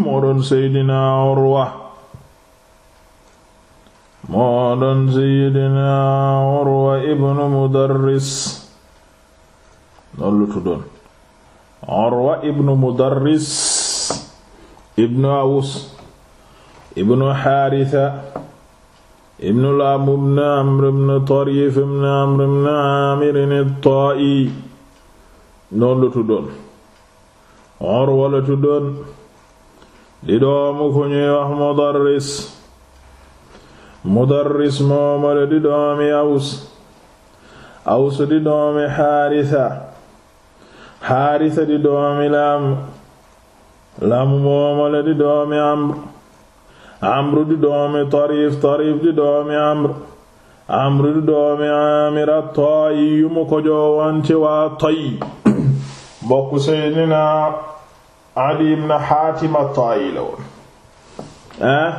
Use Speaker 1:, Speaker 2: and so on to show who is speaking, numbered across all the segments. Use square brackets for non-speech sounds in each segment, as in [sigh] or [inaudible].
Speaker 1: moo doon seydina Urwa moo doon seydina Urwa ibnu Mudarris noonu la tuddoon Urwa ibnu Mudarris ibnu Aws ibnu Haarisa ibnu Laam ibnu Amr ibnu Tariif ibnu Amr ibnu Aamir at-Taa'i noonu la tuddoon Urwa la tuddoon di doomu ku ñuy wax mudarris mudarris di doomi aws aws di doomi xaarisa xaarisa di doomi laam laam di doomi amr tarif tarif di doomi amr di doomi amir at mu ko joowoon ci waa Tayy [coughs] bokk Seydina Adi ibn Hatim at-Ta'i la woon hein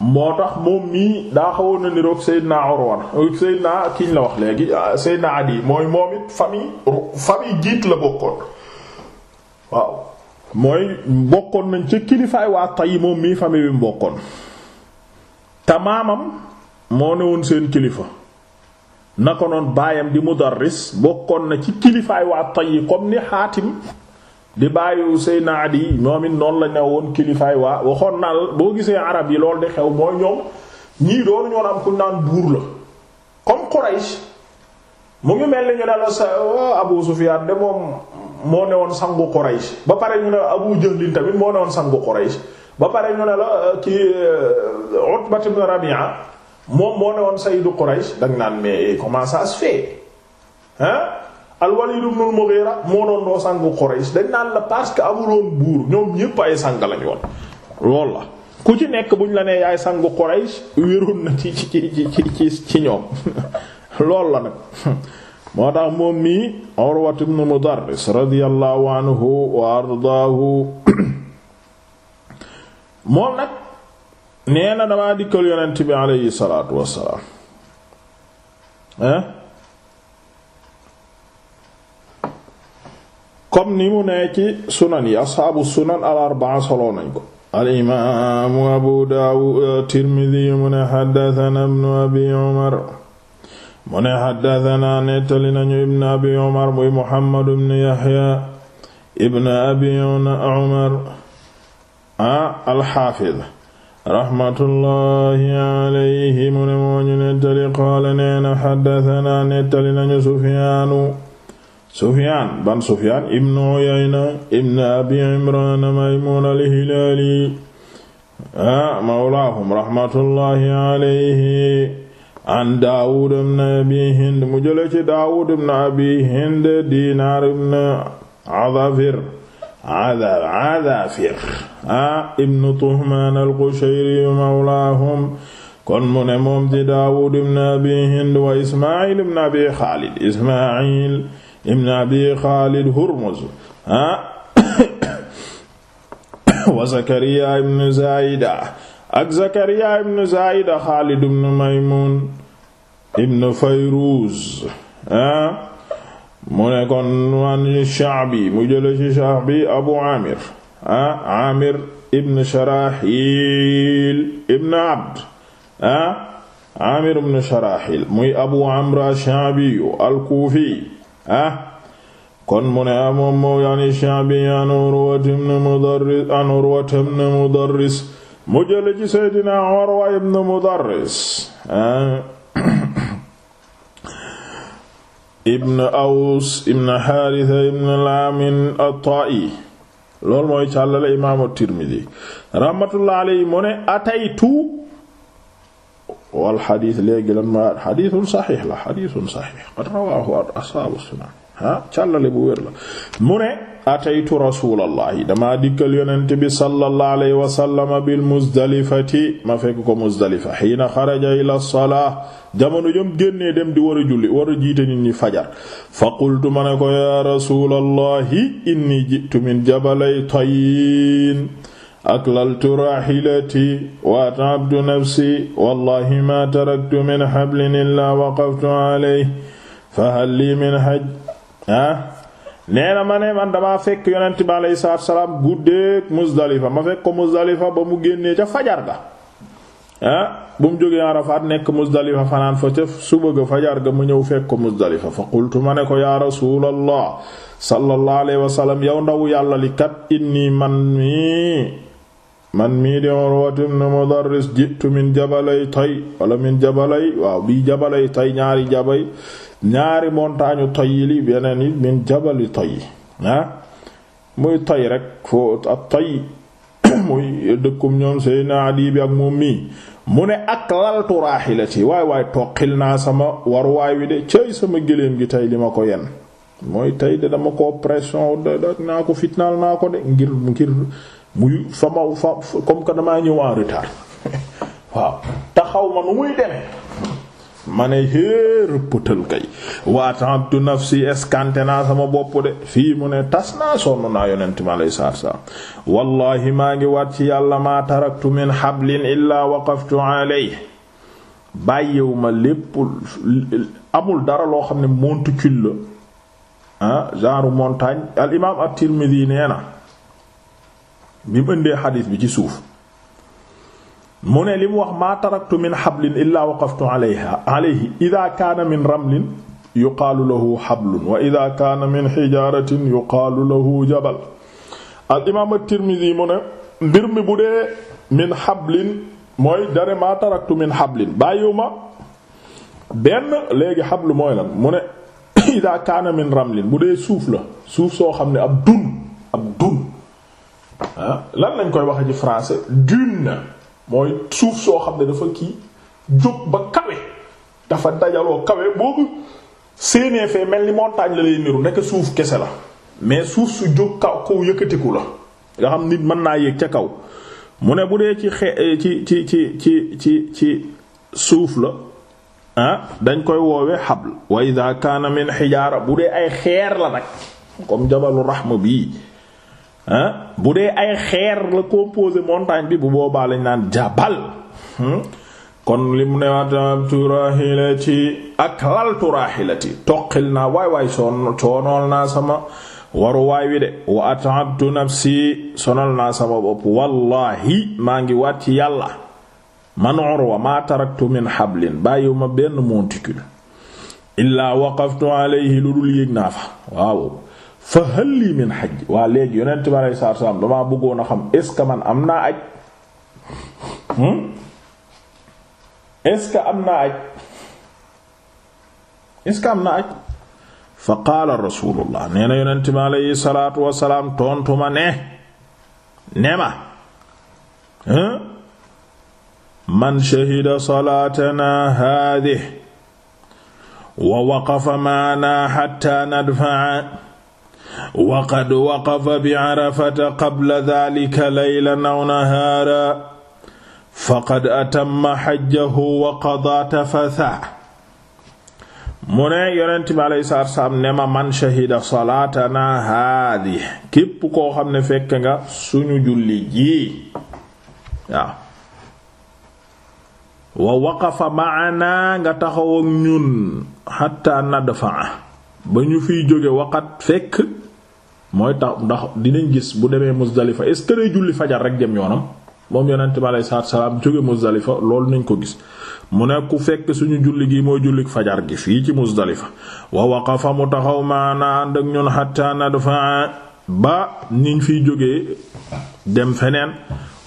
Speaker 1: moo tax moom mii daa xawoon na niroog Seydina Urwa Seydina kiñ la wax léegi ah, Seydina Adi mooy moom it famille famille jiit la bokkoon waaw mooy bokkoon nañ ci kilifaay waa Ta'i moom mii famille bi mu bokkoon te moo ne woon seen kilifa na ko noon baayam di Mudarris bokkoon na ci kilifaay waa Ta'i comme ni Hatim di bàyyiwu Seyna naa di it noonu la ne woon kilifaay waa waxoon naa la boo gisee arab yi loolu de xew mooy ñoom ñii doon ñoo am ku naan buur la comme Quraysh mu ngi mel ni ñu ne la sa oh, Abu Sufyaan de moom moo ne woon sangu Quraysh ba pare ñu ne Abu Jahl tamit moo ne woon sangu Quraysh ba pare ñu la ci uh, uh, Utba ibn Rabi'a moom moo ne woon sayyidu Quraysh danga naan mais comment fait hein al-Walid ibn al-Mughira moo doon doo sangu Quraysh dañ naan la parce que amuloon buur ñoom ñépp ay sang lañ woon loolu la ku ci nekk buñ la nee yaay sangu Quraysh wéroon na ci ci ci ci ci ñoom [laughs] loolu la nag [laughs] moo tax moom mii Urwat ibn Mudarris radiyallahu anhu wa ardaahu [coughs] moom nag nee na damaa dikkal yonent bi alayhi salaatu wassalaam eh? comme ni mu nee ci sunan yi asxaabu sunan al arbaa soloo nañ ko al imaamu abu daawud tirmidi mu ne xaddatana ibnu abi umar mu ne xaddatana nettali nañu ibnu abi umar muy muhammadu ibnu yaxya ibnu abi umar a ah, alxaafid raxmatullahi alayhi mu ne moo ñu nettali qaala neena xaddatana nettali nañu sufiyaanu Sufyaan ban Sufyaan ibn Uyayna ibn Abi Imraan Maymuun al-Hilaali ah, mawlaahum rahmatullahi alayhi an Daawuud ibn Abi Hind mu jële ci Daawuud ibn Abi Hind Diinaar ibn Adafir Adafir ah ibn Tuhmaan al-Qushayri mawlaahum kon mu ne moom di Daawuud ibn Abi Hind wa Ismaa'iil ibn Abi Xaalid Ismaa'iil ibn abi xaalid hurmuz ah [coughs] wa zakariya ibn zaida ak zakariya ibn zaida xaalid ibn maymun ibn fayruz ah mu ne kon waan sha'bi mu jële ci sha'bi abu amir ah amir ibn sharahil ibn abd ah amir ibn sharahil muy abu amr ash-sha'bi al-kufi ah kon mu ne ah moom moo yaani Sha'bi an Urwa ibn Mudarris an Urwa ibn Mudarris mu jële ci ibn Mudarris [coughs] ibn Aws ibn Haritha ibn Lamin at-Ta'i loolu mooy càllale imaamu Tirmidhi rahmatullahi alayhi mu ne ataytu wal xadiis léegi lan ma xadiisun saxiix la xadiisun saxiix qad rawaahu ashaabu sunan ah bu wér la mu ne ataytu rasulallaahi damaa dikkal bi sallallahu alayhi wasallama bil muzdalifati ma fekk muzdalifa xiina xaraja ila salaa jamono jëm di war a julli a jiite fajar fa qultu ma ko yaa rasulallaahi inni jitu min jabalay tayin aklaltu raxilati wa at'abtu nafsi wallahi ma taraktu min hablin illaa waqaftu alayhi fa hal lii min haj ah ma ne man damaa fekk yonent bi salaam guddeeg Muzdalifa ma fekk ko Muzdalifa ba mu génnee ca fajar ga bu mu jógee Arafaat nekk Muzdalifa fanaan fa ca suba ga fajar ga mu ñëw fekk ko Muzdalifa fa qultu ma ne ko yaa rasuulallah sallallahu alayhi wa sallam yàlla li kat inni man mi man mii di Urwa ibn Mudarris jiitu min jabalay Tay wala min jabalay waaw bii jabalay Tay ñaari jabay ñaari montagne Tay yi li beneen yi min jabali Tay ah muy Tay rek foo ak Tay [coughs] muy mii mu ne ak laltu raaxilati waay waay toqil naa sama waruwaay wi de cëy sama gëléem gi tey li ma ko yenn mooy tey de dama ko pression de naa ko fitnaal naa ko de ngir ngir muy fa ma comme que damaa ñëw en retard [laughs] waaw te xaw ma nu muy demee ma ne hee rëppatal kay waatantu nafsi eskante naa sama bopp de fii mu ne tas naa sonn naa yonent lay saar saar wallahi maa ngi waat ci yàlla maa taraktu min hablin illaa waqaftu alayhi bàyyiw ma lépp amul dara loo xam ne monticule la ah genre montagne al imaam at-Tirmidhi nee na bi mu ëndee xadiis bi ci suuf mu ne li mu wax maa taraktu min xablin illaa waqaftu alayha alayhi ida kaana min ramlin yuqaalu lahu xablun wa ida kaana min xijaaratin yuqaalu mu ne mbir mi bu dee min xablin mooy dare maa taraktu min xablin bàyyiwuma benn léegi xablu mooy lan mu ne ida kaana min ramlin bu dee suuf la suuf soo xam ne ab dun lan lañ koy waxee ci français dune mooy suuf soo xam ne dafa kii jóg ba kawe dafa dajaloo kawe boobu séenee fee mel ni montagne la lay niru nekk suuf kese la mais suuf su jóg kaw kaw yëkkatiku la nga xam nit mën naa yéeg ca kaw mu ne bu dee ci xe eh, ci ci ci ci ci ci suuf la ah dañ koy woowee xabl wa ida kaana min xijaara bu dee ay xeer la nag comme jabalu raxma bii ah bu dee ay xeer la composé montagne bi bu boobaa lañ naan jabal hmm? kon limu ne watamtu rahilati ak laltu rahilati toqil naa waay waay soon naa sama waru waay wi de wa at'abtu nafsi sonal naa sama bopp wallahi maa ngi waat ci yàlla man Urwa ma taraktu min hablin bàyyiwu ma benn monticule illaa waqaftu alayhi lu dul yéeg naa fa waaw fa hal lii min xaj waa léegi yonent bi aleyhi salaatu salaam damaa bëggoon a xam est ce que man am naa aj hmm? est ce que am naa aj est ce que am naa aj fa qaala rasulullah nee na yonent bi aleyhi salaatu wasalaam tontu ma ne ne ma hmm? man shahida salaatana haadihi wa waqafa maana hatta nadfa'a waqad waqafa bi arafata qabla dhalika laylan aw nahaara faqad atamma xajjahu wa qadaa mu ne yonent bi alayhi ne ma man shahida salaatana haadi képp koo xam ne fekk nga suñu julli ji waaw wa waqafa maana nga taxaw ak ñun xatta nadfa ba ñu fiy jóge waqat fekk mooy tax ndax dinañ gis bu demee Muzdalifa est ce que julli fajar rek jëm yoonam moom yonent bi alayhi salaatu salaam jóge Muzdalifa loolu nañ ko gis mu ne ku fekk suñu julli gi mooy jullik fajar gi fii ci Muzdalifa wa waqafa mu taxaw maana ànd ak ñun niñ fiy jógee dem feneen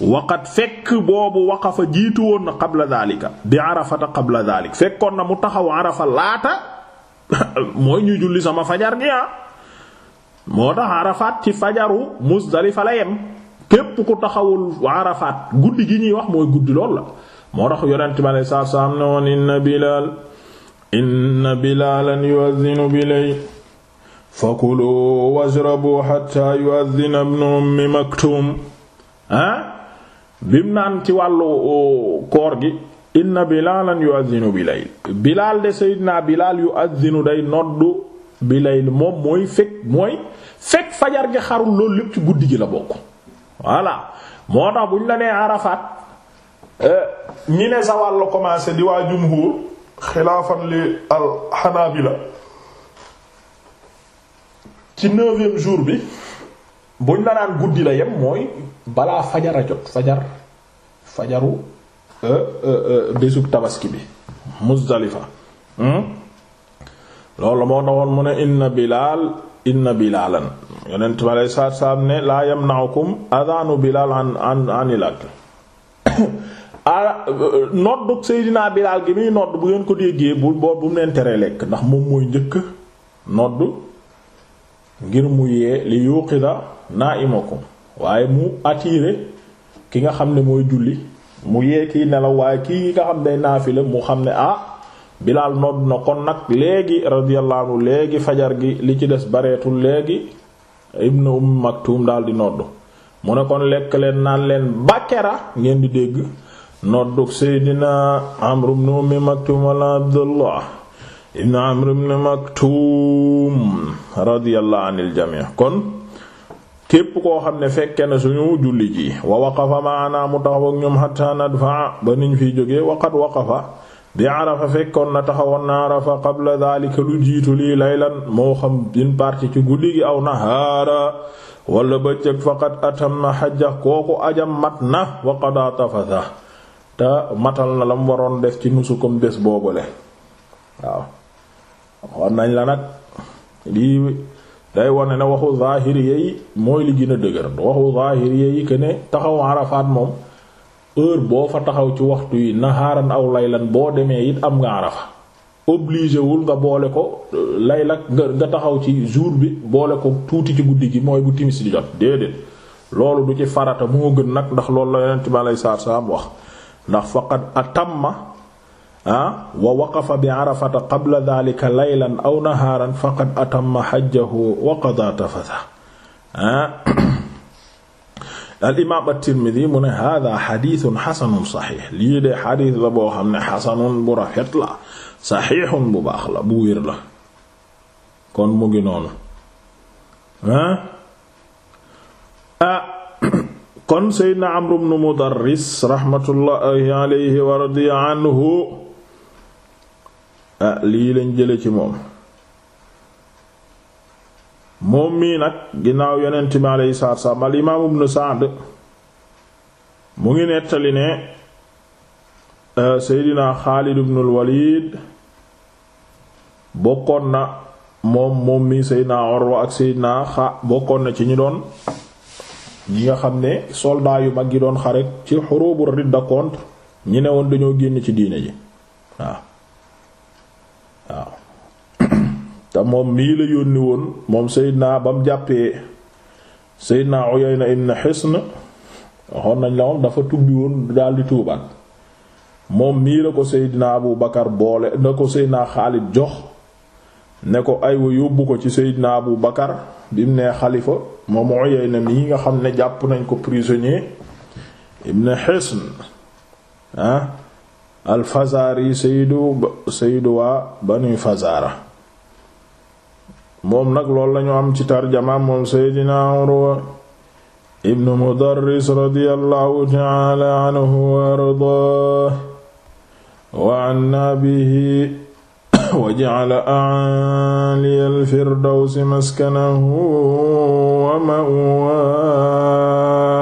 Speaker 1: waqat fekk boobu waqafa jiitu woon na qabla daalika bi arafata qabla daalik fekkoon na mu taxaw arafa laata [laughs] mooy ñu julli sama fajar gi ah moo tax Arafat ci fajaru Muzdalifa la yem képp ku taxawul Arafat guddi gi ñuy wax mooy guddi lool la moo tax yonent bi aleyhi salaatu salaam ne woon inna Bilaal inna Bilaalan yu'adhdhinu bilay fakulu washrabu hatta yu'adhdhina ibnu ummi Maktum ah bim naan ci wàllu koor gi inna Bilaalan yu'adhdhinu bilay Bilaal de Seydina Bilaal yu'adhdhinu day noddu bi lay moom mooy fekk mooy fekk fajar gi xarul loolu lépp ci guddi gi la bokk voilà moo tax bu ñu la nee Arafat euh, ñi ne zawal la commencé di waa jumhur xilaafan li al Hanabila ci neuvième jour bi buñ la naan guddi la yem mooy balaa fajara a jot fajar fajaru euh, euh, bésub tabaski bi Muzdalifa hmm? loolu moo taxoon mu ne inna bilaal inna bilaalan yonent ma lay saat saam ne laa yamna'ukum adhaanu bilaal an an anil akl [coughs] noddu seydinaa bilaal gi muy nodd bu ngeen ko déggee bu boobu mu leen teree lekk ndax moom mooy njëkk nodd ngir mu yee li yuqida na'imakum waaye mu attirer ki nga xam ne mooy julli mu yee kiy nelaw waaye kii nga xam ne naafi mu xam ne ah Bilaal nodd na kon nag léegi radiyallahu léegi fajar gi li ci des bareetul léegi ibnu Umm Maktum daal di nodd mu ne kon lekk leen naan leen bakkera ngeen di dégg noddu Seydina Amr ibn Umm Maktum wala Abdullah ibn Amr ibn Maktum radiyallahu anil jamii kon képp koo xam ne fekke na suñu julli ji wa waqafa maana mu taxaw ak ñoom hatta nadfa ba niñ fiy jóge waqat waqafa bi arafa fekkoon na taxawoon na arafa qabla daalika lu jiitu lii laylan moo xam une partie ci guddi gi aw nahaara wala bëccëg faqad atamma xajja kooku ajam mat na wa qadaa te matal na la mu waroon def ci nusukum bés boobule waaw waxoon nañ la nag lii day wane ne waxu zaahiri yi mooy li gën a dëgër waxu zaahiri yi que ne taxaw arafaat moom heure boo fa taxaw ci waxtu yi naxaaran aw laylan boo demee it am nga arafa obligé wul nga boole ko euh, laylak nga nga taxaw ci jour bi boole ko tuuti ci guddi gi mooy bu timis di jot déedéet loolu du ci farata bu moo gën nag ndax lool la yonent bi aleyhi salaatu salaam wax ndax faqad atamma ah wa waqafa bi arafata qabla dhalika aw naharan faqad atamma hajjahu wa qada tafatha ah [clears throat] al imaam at-Tirmidhi saxiix lii de xadiis la boo xam ne xasanun bu rafet la saxiixun bu baax la bu wér la kon mu ngi noonu ah, [coughs] kon Seydina Amr ibn Mudarris raxmatullaahi alayhi wa radiya anhu ah, lii lañ jële ci moom moom mii nag ginnaaw yonent mi aleyhi salaatu salaam al mu ngi nettali ne euh, seydina Xaalid ibn al Walid bokkoon na moom moom mii seydina Urwa ak seydina xa bokkoon na ci ñi doon ñi nga xam ne soldat yu mag yi doon xare ci xurubu ridda contre ñi dañoo génn ci diine ji waaw te moom mii la yónni woon moom Seydina naa bam jàppee naa Seydina Uyayna ibn Hisn waxoon nañ la moom dafa tubbi woon daldi tuubaat moom mii la ko Seydina Abu Bakar boole na ko naa Xaalid jox ne ko aywa yóbbu ko ci Seydina bu Bakar bi mu nee xalifa moom Uyayna mii nga xam ne jàpp nañ ko prisonnier ibn Hisn ah al Fazari Seydu Seydu waa Banu Fazara moom nag loolu lañu am ci tarjama moom seydina Urwa ibnu Mudarris radiyallahu ta'ala anhu wa ardaah wa anna bihi [coughs] wa ja'ala a'liyal firdawsi maskanahu wa ma'waahu